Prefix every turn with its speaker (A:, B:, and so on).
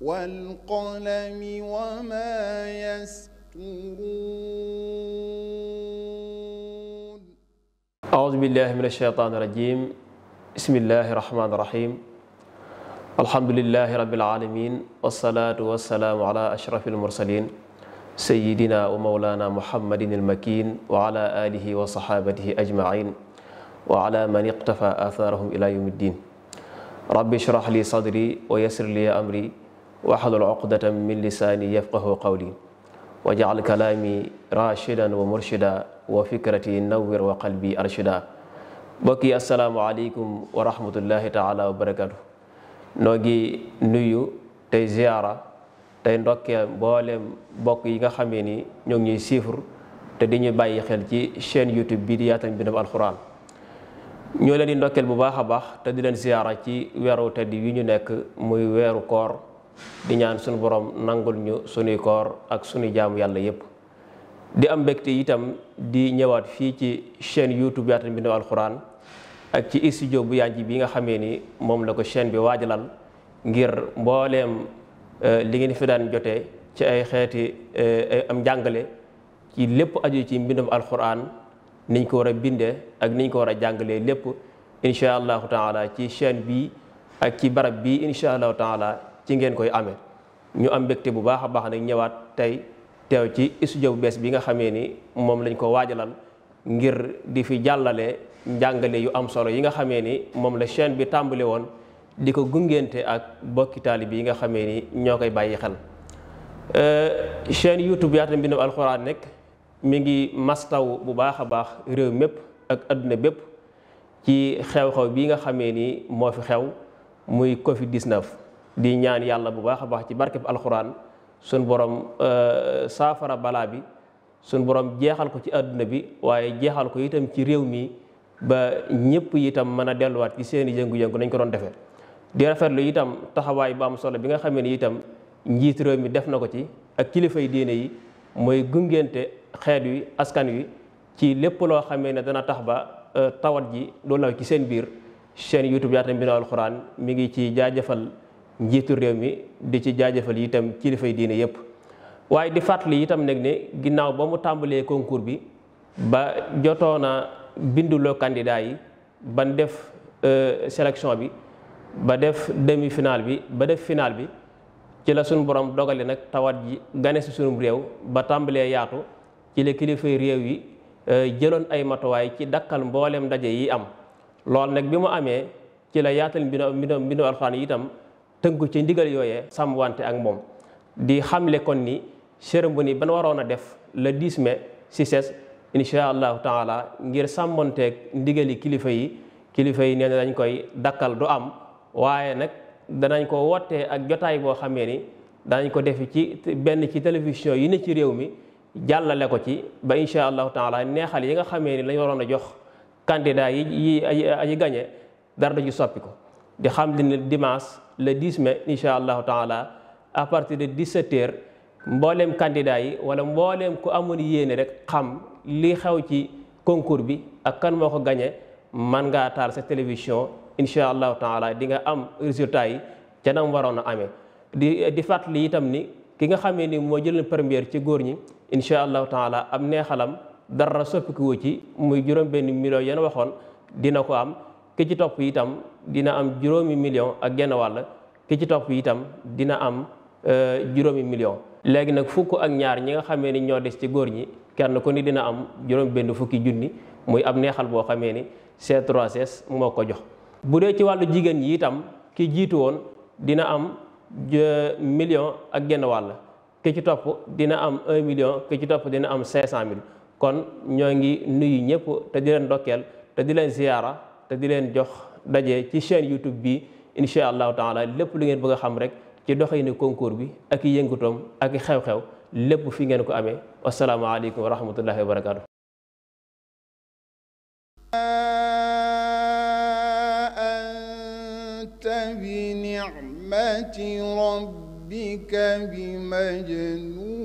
A: والقلم وما يسطرون أعوذ بالله من الشيطان الرجيم بسم الله الرحمن الرحيم الحمد لله رب العالمين والصلاة والسلام على أشرف المرسلين سيدنا ومولانا محمد المكين وعلى آله وصحابته أجمعين وعلى من اقتفى آثارهم إلى يوم الدين رب اشرح لي صدري ويسر لي أمري waxlul uqdatan min lisaani yafqahu qawli wa jacal kalaami rashidan wa murshida wa fikrati nawwir wa qalbi arshida mbokk yi asalaamualeykum wa rahmatullahi taala wa barakatu noo ngi nuyu tey ziyaara tey ndokkee mbooleem mbokk yi nga xamee ni ñoo ngi siifur te di ñu bàyyi xel ci chaîne youtube bi di yaatal mbindum ñoo leen di ndokkeel bu baax a baax te di leen ziyaara ci weeru tedd yi ñu nekk muy weeru koor di ñaan suñu borom nangul ñu sunuy koor ak suñu jaamu yàlla yépp di am mbégte itam di ñëwaat fii ci chaîne youtube Yaatal Mbindum Alxuraan ak ci studio bu yànj bi nga xamee ni moom la ko chaîne bi waajalal ngir mbooleem euh, li ngeen fi daan jotee ci ay xeeti euh, am njàngale ci lépp aju ci mbindum alxuraan niñ ko war a bindee ak niñ ko war a jàngalee lépp incha allahu taala ci chaîne bi ak ci barab bi incha allahu taala ci ngeen koy amee ñu am mbégte bu baax a baax nag ñëwaat tey teew ci studio bu bees bi nga xamee ni moom lañ ko waajalal ngir di fi jàllale njàngale yu am solo yi nga xamee ni moom la chaîne bi tàmbali woon di ko gungeente ak bokki taalibe yi nga xamee ni ñoo koy bàyyi xel euh, chaîne youtube Yaatal Mbindum Alxuraan nekk mi ngi mastaw bu baax a baax réew mépp ak adduna bépp ci xew-xew bi nga xamee ni moo fi xew muy covid 19 di ñaan yàlla bu baax a baax ci barkeb alxuraan suñ borom euh, saafara balaa bi suñ borom jeexal ko ci àdduna bi waaye jeexal ko itam ci réew mi ba ñëpp itam mën a delluwaat ci seen yëngu-yëngu nañ ko doon defee. di itam taxawaay bu am solo bi nga xamee ni itam njiit réew def na ko ci ak kilifay diine yi mooy gungente xeet wi askan wi ci lépp loo xamee ne dana tax ba euh, tawat ji doo law ci seen biir Alxuraan mi ngi ci jaajëfal. njiitu réew mi di ci jaajëfal itam kilifay diine yépp waaye di fàttali itam nag ne ginnaaw ba mu tàmbalee concours bi ba jotoona binduloo candidat yi ban def euh, selection bi ba def demi finale bi ba def finale bi ci la sunu borom dogale nag tawat ji gane si sunum réew ba tàmbalee yaatu ci la kilifay réew yi euh, jëloon ay matuwaay ci dakkal mbooleem ndaje yi am loolu nag bi mu amee ci la yaatal mbindum mbindum alxuraan yi itam tënku ci ndigal yooyee sàmm wante ak moom di xamle kon ni ni ban waroon a def le 10 mai si ses incha allahu taala ngir sàmmonteeg ndigali kilifa yi kilifa yi nee na koy dakkal du am waaye nag danañ ko wootee ak jotaay boo xamee ni danañ ko defi ci benn ci télévision yi ne ci réew mi jàllale ko ci ba incha allahu taala neexal yi nga xamee ni lañ waroon a jox candidat yi yi ay gañe dara du soppi ko di xam li ne dimanche le 10 mai allah allahu taala à partir de 17h mbooleem candidat yi wala mbooleem ku amoon yéene rek xam li xew ci concours bi ak kan moo ko gagné man ngaa taal sa télévision incha allahu taala di nga am résultat yi ca nam waroon a amee di di fàttali itam ni ki nga xamee ni moo jël première ci góor ñi incha allahu taala am neexalam dara soppiku ci muy juróom benn million yéen waxoon dina ko am ki ci topp itam dina am juróomi million ak genn wàll ki ci topp itam dina am euh, juróomi million léegi nag fukk ak ñaar ñi nga xamee ni ñoo des ci góor ñi kenn ko ni dina am juróom benn fukki junni muy ab neexal boo xamee ni C3S moo ko jox bu dee ci wàllu jigéen ñi itam ki jiitu woon dina am million ak genn wàll ki ci topp dina am un million ki ci topp dina am 500000 kon ñoo ngi nuyu ñëpp te di leen te di leen ziyaara te di leen jox daje ci chaîne YouTube bi incha allahu taala lépp lu ngeen bëgg a xam rek ci doxalinu concours bi ak i yëngutoom ak i xew-xew lépp fi ngeen ko amee wasalaamaaleykum wa rahmatullahi wa